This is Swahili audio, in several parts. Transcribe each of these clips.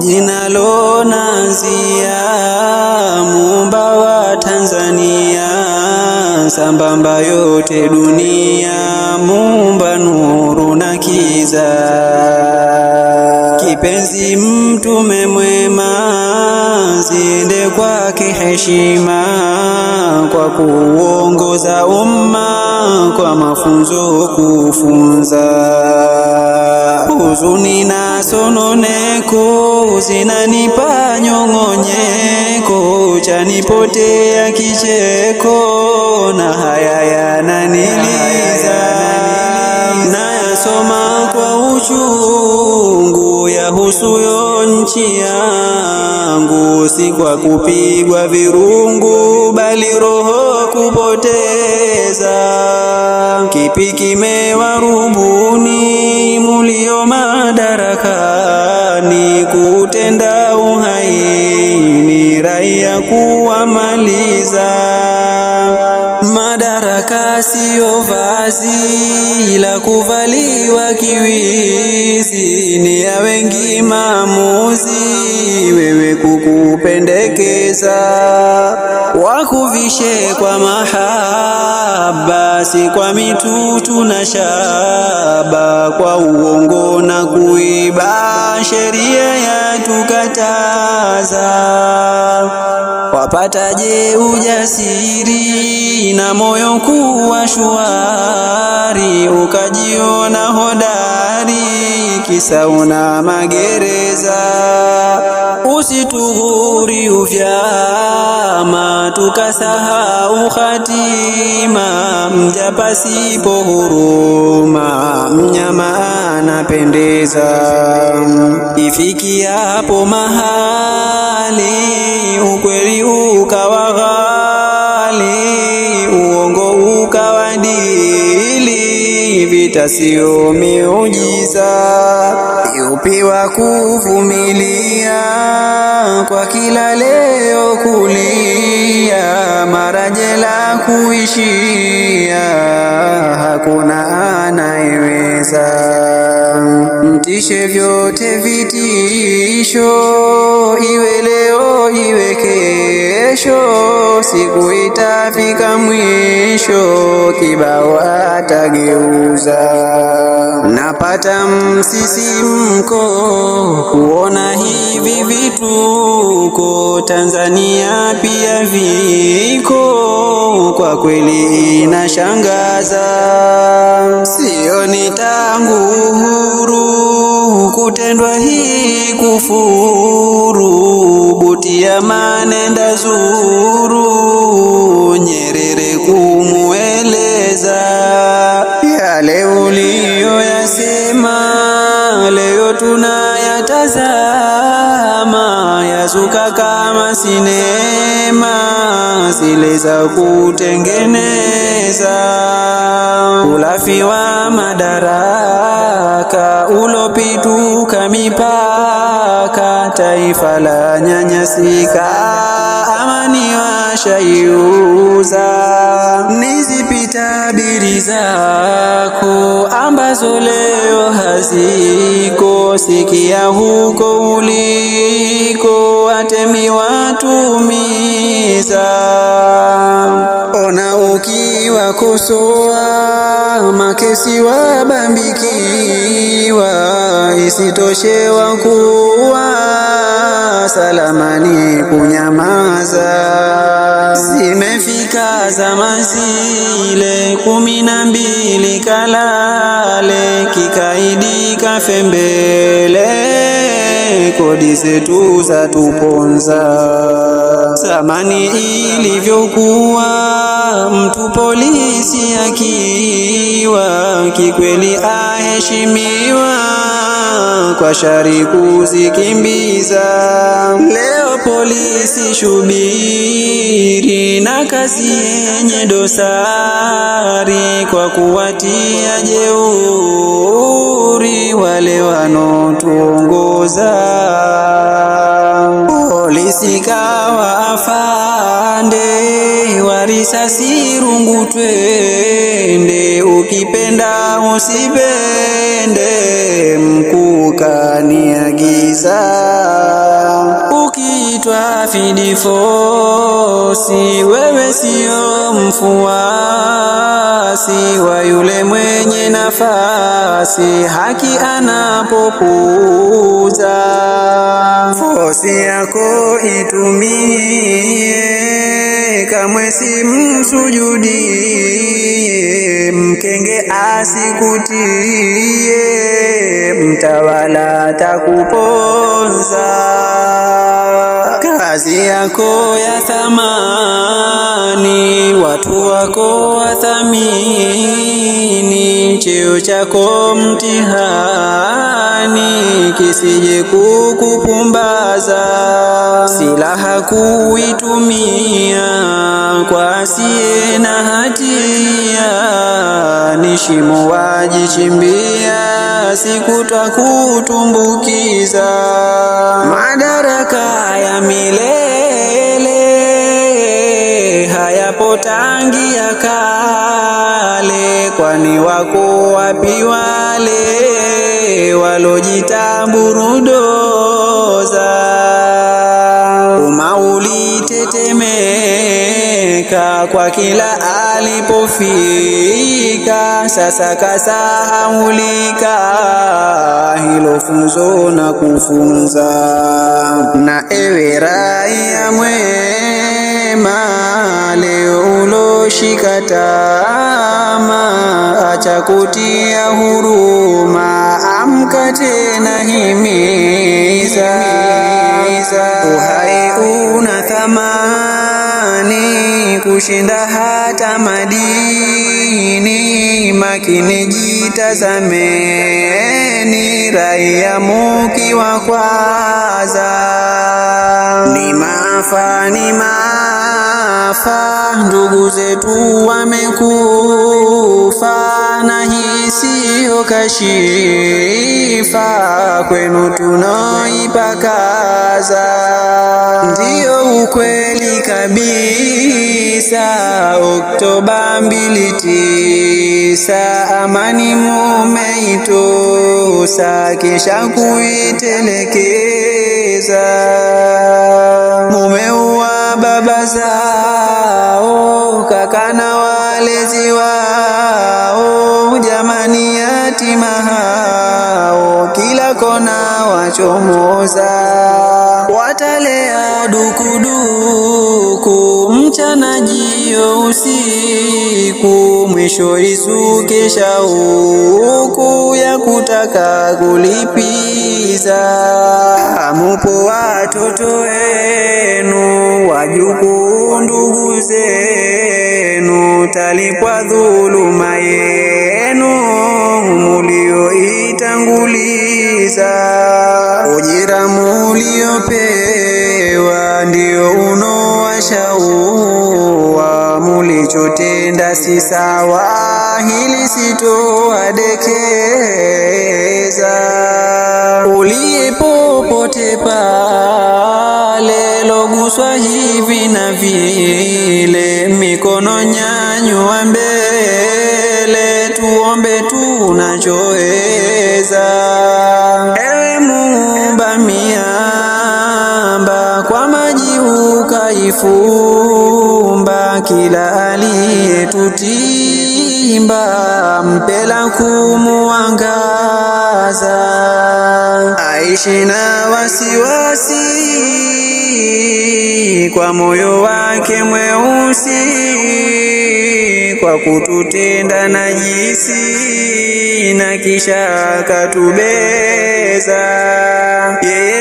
jina nzia muumba wa Tanzania sambamba yote dunia muumba nuru na kiza kipenzi mtume mwema kwake heshima kwa kuongoza umma kwa mafunzo kufunza. Huzuni na sononeko zinanipa nyong'onyeko, chanipotea kicheko na haya yananiliza, yasoma kwa uchungu yahusuyo nchi yangu, si kwa kupigwa virungu, bali roho kupoteza. Kipi kimewarubuni mulio madarakani? siyo vazi la kuvaliwa kiwizi, ni ya wengi maamuzi, wewe kukupendekeza, wakuvishe kwa mahaba, si kwa mitutu na shaba, kwa uongo na kuiba, sheria yatukataza wapataje ujasiri na moyo kuwa shwari ukajiona kisa una magereza, usituhuri uvyama, tukasahau hatima, mja pasipo huruma, mnyama anapendeza. Ifikiapo mahali ukweli ukawa sio miujiza kupewa kuvumilia kwa kila leo kulia marajela kuishia hakuna anayeweza mtishe vyote vitisho iwe leo iwe kesho siku itafika mwisho kibao atageuza napata msisimko yako kuona hivi vituko Tanzania pia viko kwa kweli inashangaza. Sio ni tangu uhuru kutendwa hii kufuru, buti ya manenda zuru zile za kutengeneza ulafi wa madaraka ulopituka mipaka, taifa la nyanyasika amani wa ni nizipita diri zako ambazo leo haziko. Sikia huko uliko, watemi watumiza, ona ukiwakosoa isiwabambikiwa, isitoshe wakuwa salamani kunyamaza. Zimefika zama zile kumi na mbili, kalale kikaidi kafembele, kodi zetu za tuponza zamani ilivyokuwa, mtu polisi akiwa, kikweli aheshimiwa, kwa shari kuzikimbiza. Leo polisi shubiri, na kazi yenye dosari, kwa kuwatia jeuri wale wanotuongoza polisi kawa afande, warisasi rungu twende, ukipenda usipende, mkuu kaniagiza Twafi difosi, wewe sio mfuasi wa yule mwenye nafasi, haki anapokuza Fosi yako itumie, kamwe simsujudie, mkenge asikutie, mtawala takuponza kazi yako ya thamani, watu wako wathamini, cheo chako mtihani, kisije kukupumbaza. Silaha kuitumia kwa asiye na hatia, ni shimo wajichimbia siku kutakutumbukiza madaraka ya milele hayapo ya kale, kwani wako wapi wale walojitamburudoza? Umaulitetemeka kwa kila palipofika sasa kasahaulika, hilo funzo na kufunza. Na ewe raia mwema, leo uloshika tama, acha kutia huruma, amka tena himiza, uhai una thamani ni kushinda hata madini, makini jitazameni, raia mukiwa kwaza ni mafani ma kafa, ndugu zetu wamekufa, na hii siyo kashifa, kwenu tunaipakaza, ndiyo ukweli kabisa. Oktoba mbili tisa, amani mumeitosa, kisha kuitelekeza wazao zao, kaka na walezi wao, jamani yatima hao, kila kona wachomoza watalea dukuduku, mchana jio usiku, mwisho isuke shauku ya kutaka kulipiza. Hamupo watoto wenu, wajukuu, ndugu zenu, talipwa dhuluma yenu mulioitanguliza uliopewa ndio unaowashaua, mulichotenda si sawa, hili dekee kifumba, kila aliyetutimba mpela kumuangaza, aishi na wasiwasi kwa moyo wake mweusi, kwa kututenda najisi na kisha akatubeza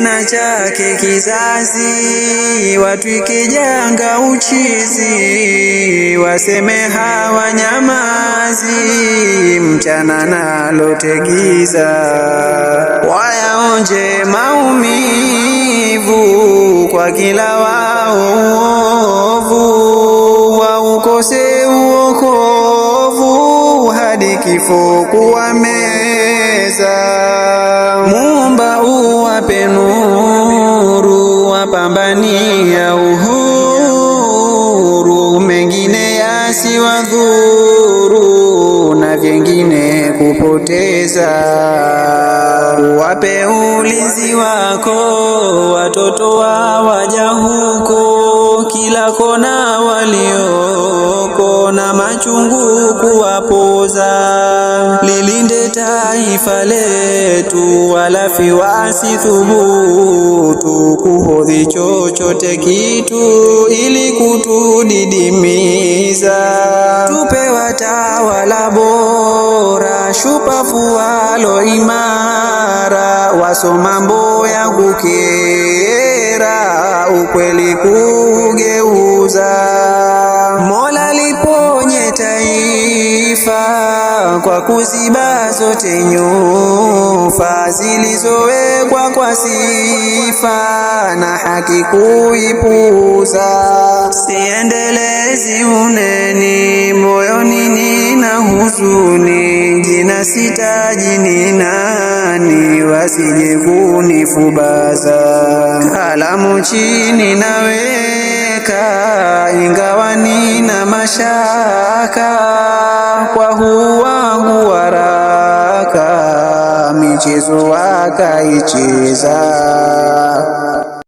na chake kizazi, watu ikijanga uchizi, waseme hawa nyamazi, mchana nalotegiza, wayaonje maumivu kwa kila wao uovu waukose uokovu hadi kifo kuwameza. nasi wadhuru na vyengine kupoteza. Wape ulinzi wako watoto wa waja huko, kila kona walioko na machungu kuwapoza, lilinde taifa letu, wala fiwasi thubutu kuhodhi chochote kitu ili kutudidimiza. Tupe watawala bora, shupafu walo imara, wasoma ya kukera ukweli kuu kwa kuziba zote nyufa zilizowekwa kwa sifa na haki kuipuza. Siendelezi uneni moyoni, nina huzuni, jina sitaji ni nani, wasije kunifubaza. Kalamu chini nawe nateseka, ingawa nina mashaka, kwa huu wangu waraka michezo wakaicheza